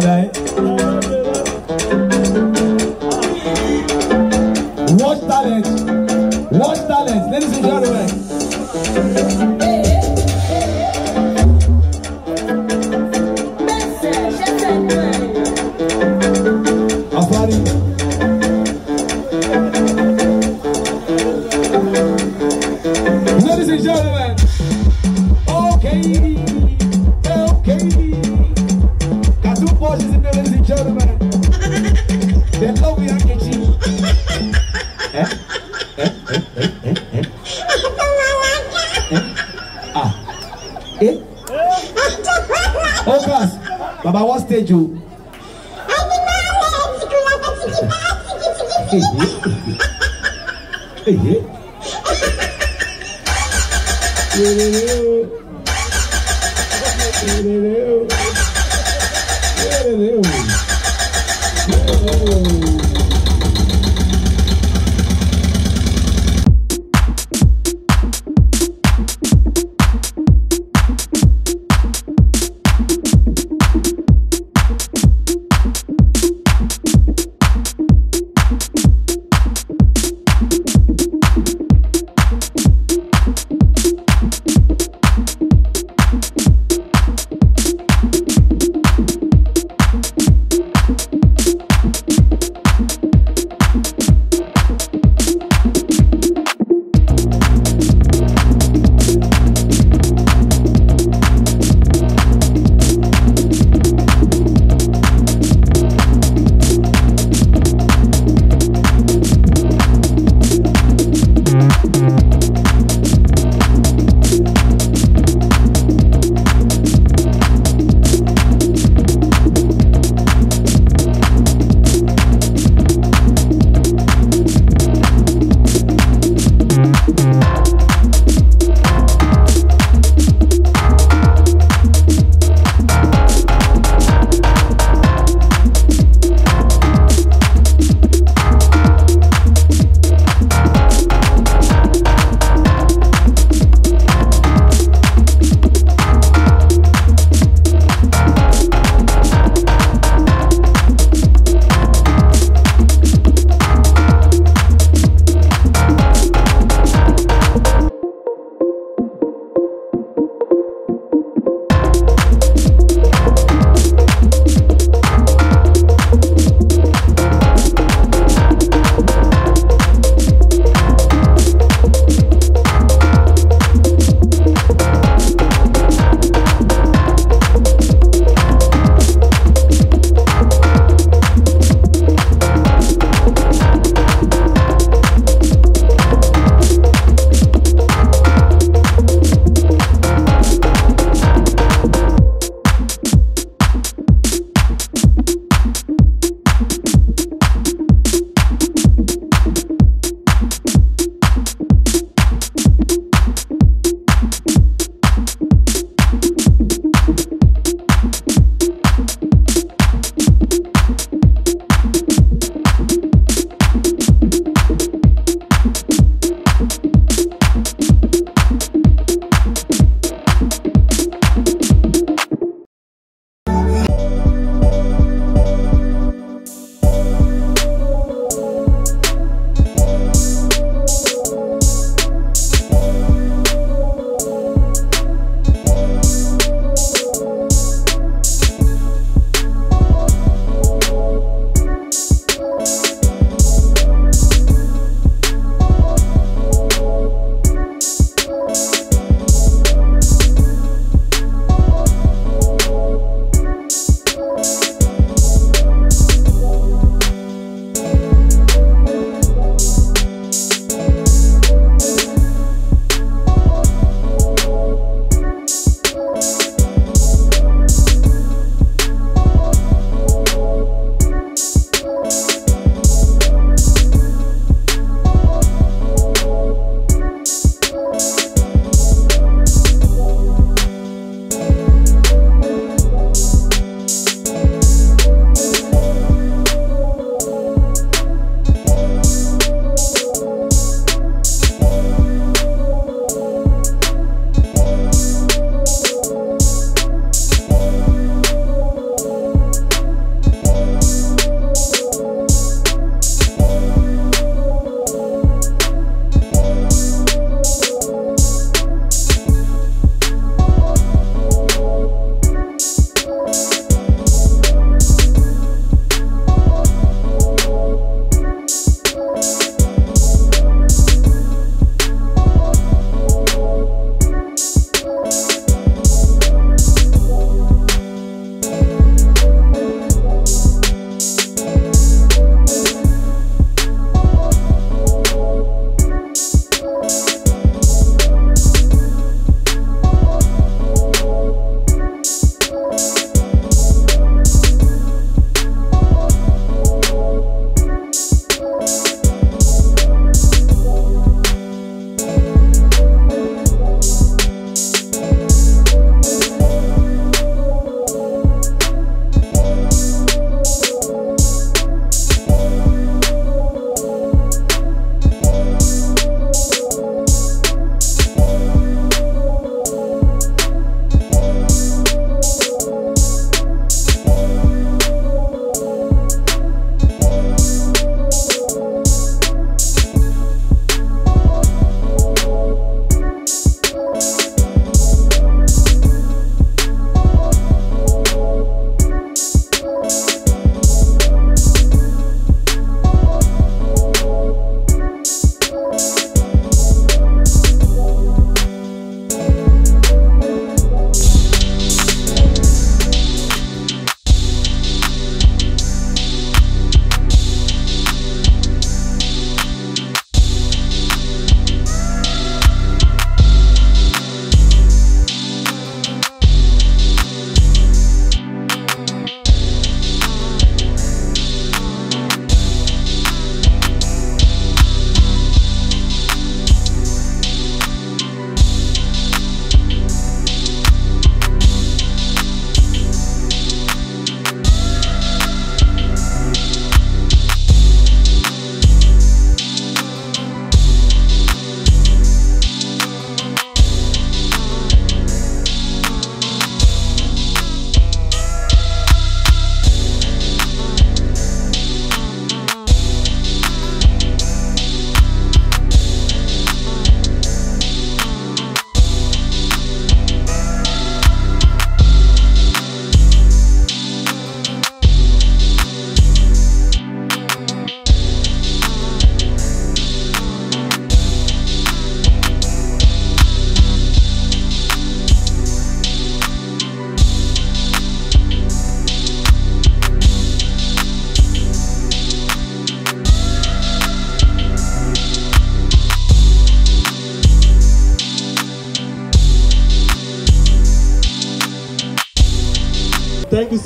Hala stage o. Oh.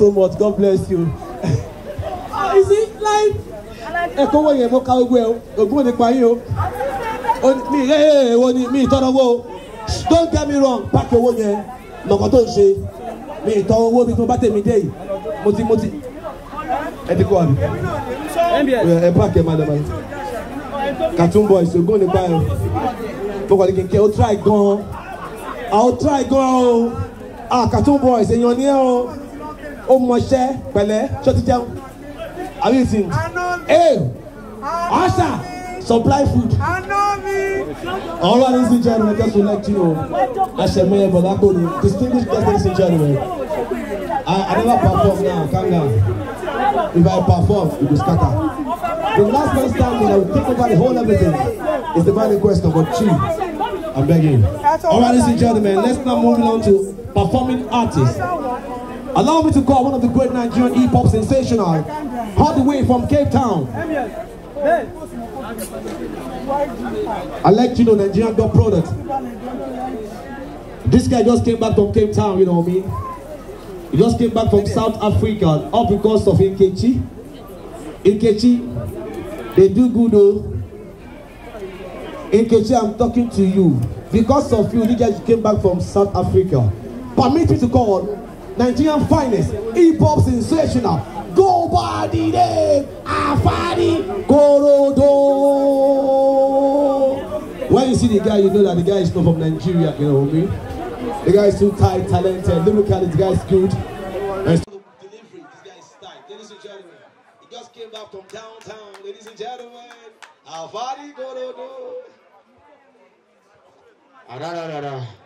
so much god bless you you see like ẹ̀kọ́ wọ̀nyẹn mo ka ogun ẹ̀ ogun ò ní pa yín o mi ẹ̀ wo ni mi ìtọ́nà owó don't get me wrong páàkì owó yẹn lọ́kọ̀ tó ń ṣe mi ìtọ́ owó mi tó bá tèmi dé yìí mo ti mo ti ẹ ti kọ́ àbí ẹ páàkì ẹ máa dàbà yìí cartoon boys ogun ò ní pa yín o mo kàn ní kí n try gan-an àwọn try gan-an o ah cartoon boys èèyàn ni ẹ o ó mọṣẹ́ pẹ̀lẹ́ ṣọtí jẹun have you seen ee ọṣà supply food all right ladies and gentlemen just to let you know asemeye bọlakoni distinguished guest ladies and gentlemen i i never perform now calm down if i perform e go scatter the last man standing i will take over the whole everything is the man in question but chief. I'm begging. All right, ladies and gentlemen, let's now move on to performing artists. Allow me to call one of the great Nigerian hip-hop sensational, all the way from Cape Town. I like know Nigerian product. This guy just came back from Cape Town, you know what I mean? He just came back from South Africa, all because of Nkechi. Nkechi, they do good though. Nkechi, I'm talking to you. Because of you, this guy came back from South Africa. Permit me to call Nigerian finest, hip-hop sensational. Go by the day, Afadi Korodo. When you see the guy, you know that the guy is not from Nigeria, you know what I mean? The guy is too tight, talented, lyrically, the guy is good. And delivery, this guy is tight. Ladies and gentlemen, he just came back from downtown. Ladies and gentlemen, Afadi Korodo. Ah, da, da, da, da.